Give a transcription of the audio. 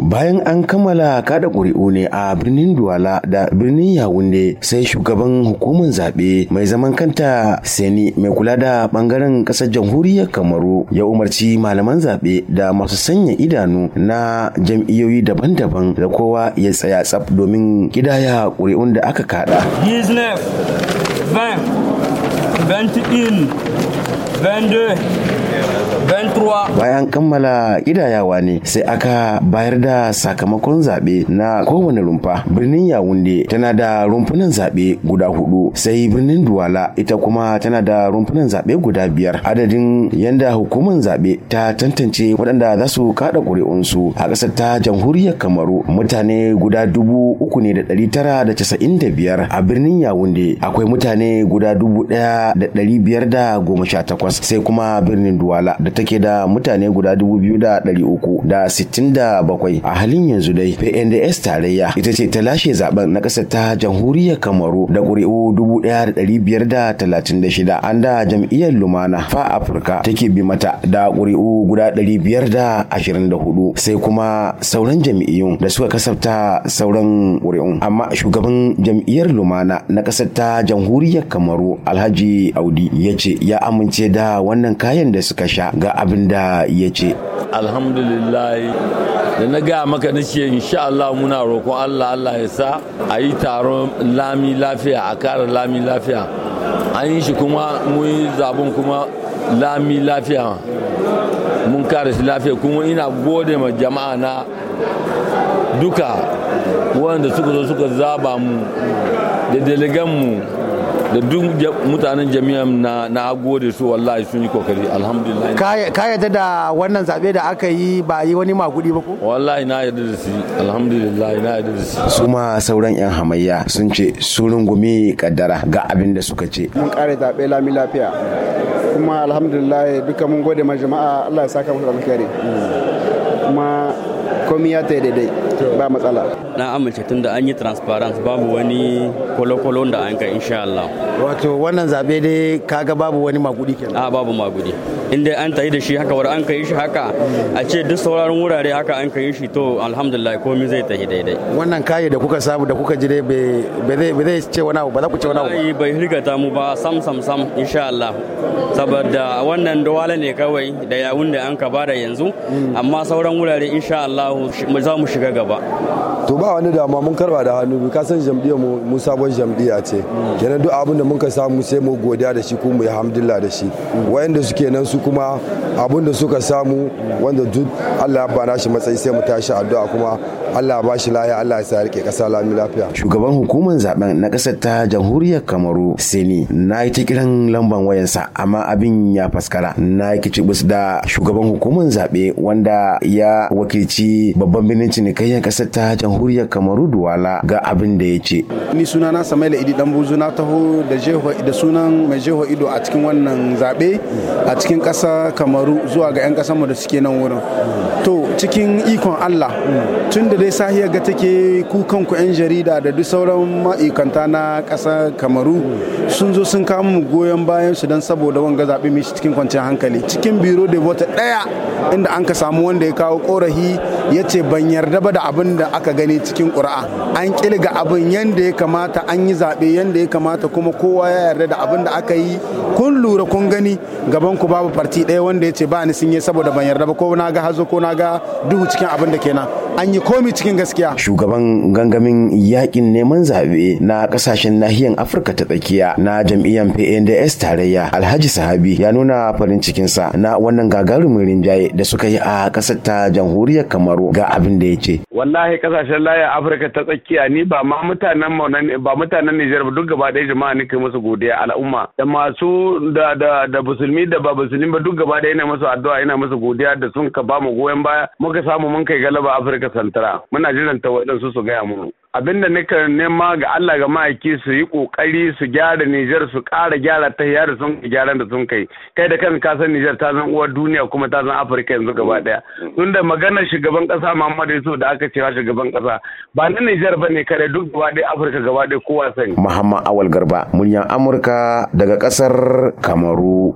bayan an kammala kada ƙuri'u ne a birnin duwala da birnin yawunde sai shugaban hukumar zaɓe mai zaman kanta seni mai kula da ɓangaren ƙasar jamhuriyar kamaru ya umarci malaman zaɓe da masu sanya idanu na jam'iyyoyi daban-daban da kowa ya tsaya tsaf domin kidaya ƙuri'un da aka kada. 21 Bayan kammala idayawa ne sai aka bayar da sakamakon zaɓe na kowane rumfa. Birnin Yawunde tana da rumfunan zaɓe guda hudu sai birnin Duwala ita kuma tana da rumfunan zaɓe guda biyar. Adadin yanda hukumar zaɓe ta tantance waɗanda za su kaɗa ƙuri'unsu a ƙasar ta jamhuriyar Kamaru mutane guda dubu uku ne da ɗari tara da casa'in da biyar a birnin Yawunde akwai mutane guda dubu ɗaya da ɗari biyar da goma sha takwas sai kuma birnin Duwala da take da mutane guda dubu biyu da da da uku sittin bakwai, a halin yanzu dai PNDS tarayya ita ce ta lashe zaben na ƙasar ta jamhuriyar Kamaru da ƙuri'u shida. an da jam'iyyar Lumana fa Afirka take bi mata da ƙuri'u guda biyar da da ashirin hudu, sai kuma sauran jam'iyyun da suka kasafta sauran ƙuri'un amma shugaban jam'iyyar Lumana na ƙasar ta jamhuriyar Kamaru Alhaji Audi ya ce ya amince da wannan kayan da suka sha ga abin da ya ce alhamdulillah da na gaya maka na ce insha Allah muna roƙon Allah Allah ya sa a yi taron lami lafiya a kara lami lafiya an yi shi kuma mun yi zabon kuma lami lafiya mun kare shi lafiya kuma ina gode ma jama'a na duka wanda suka zo suka zaba mu da delegan mu da duk mutanen jami'a na na gode su wallahi sun yi kokari alhamdulillah ka yarda da wannan zabe da aka yi ba yi wani magudi ba ko wallahi na yarda da shi alhamdulillah na yarda da shi su ma sauran yan hamayya sun ce su rungumi kaddara ga abin da suka ce mun kare zabe lami lafiya kuma alhamdulillah duka mun gode ma jama'a Allah ya saka musu alkhairi kuma komi ya ta daidai ba matsala na amince tun da an yi transparency babu wani kwalokwalo da an ga insha Allah wato wannan zabe dai kaga babu wani magudi kenan a babu magudi inda an tayi da shi haka war an kai shi haka a ce duk sauraron wurare haka an kai shi to alhamdulillah komi zai tafi daidai wannan kaye da kuka samu da kuka ji dai ba zai ce wani abu ba za ku ce wani abu bai rigata mu ba sam sam sam insha Allah saboda wannan dawala ne kawai da yawun da an ka bada yanzu hmm. amma sauran wurare insha Allah za mu shiga gaba to ba wani dama mun karba da hannu ka san jam'iyyar mu mu sabon jam'iyya ce kenan duk abin da muka samu sai mu godiya da shi ko mu yi da shi wayanda suke nan su kuma abin da suka samu wanda duk Allah ya bana shi matsayi sai mu tashi addu'a kuma Allah ya bashi lafiya Allah ya sa rike kasa lami lafiya shugaban hukumar zaben na kasar ta jamhuriyar Kamaru Seni na yi ta kiran lamban wayansa amma abin ya faskara na yi kicibus da shugaban hukumar zaɓe wanda ya wakilci babban birnin cinikayyar kasar ta jamhuriyar Kamaru Duwala ga abin da ya ce. Ni sunana Samaila Idi Dambuzu na taho da da sunan mai jeho ido a cikin wannan zaɓe a cikin ƙasa Kamaru zuwa ga 'yan mu da suke nan wurin. To cikin ikon Allah tun da dai sahiya ga take ku kanku 'yan jarida da duk sauran ma'aikanta na ƙasa Kamaru sun zo sun mu goyon bayan su don saboda wanga zaɓe mai cikin kwanciyar hankali. Cikin biro da wata ɗaya inda an ka samu wanda ya kawo ƙorafi ya ce ban yarda ba da abin da aka gani cikin ƙura'a an ƙirga abin yadda ya kamata an yi zaɓe yadda ya kamata kuma kowa ya yarda da abin da aka yi kun lura kun gani gaban ku babu farti ɗaya wanda ya ce ba ni sun yi saboda ban yarda ba ko na ga hazo ko na ga duhu cikin abin da kenan an yi komi cikin gaskiya. Shugaban gangamin yakin neman zaɓe na ƙasashen nahiyar Afirka ta tsakiya na jam'iyyar PNDS tarayya Alhaji Sahabi ya nuna farin cikinsa na wannan gagarumin rinjaye da suka yi a ƙasar ta jamhuriyar Kamaru ga abin da ya ce. Wallahi kasashen laya Afirka ta tsakiya ni ba ma mutanen ba mutanen Nijar ba duk gaba ɗaya jama'a kai musu godiya al'umma da masu da da da musulmi da ba musulmi ba duk gaba ɗaya ina musu addu'a ina musu godiya da sun ka ba mu goyon baya muka samu mun kai galaba Afirka santara muna jiran ta waɗansu su gaya mu. abin da nika nema ga Allah ga ma'aiki su yi kokari su gyara Nijar su ƙara gyara ta da sun gyaran da sun kai kai da kan ka san Nijar ta zan uwar duniya kuma ta zan Afirka yanzu gaba daya mm. tunda maganar shugaban kasa Muhammadu Yusuf da aka cewa shugaban kasa ba na Nijar bane kare duk gaba daya Afirka gaba daya kowa sani Muhammad Awal Garba muryan Amurka daga kasar Kamaru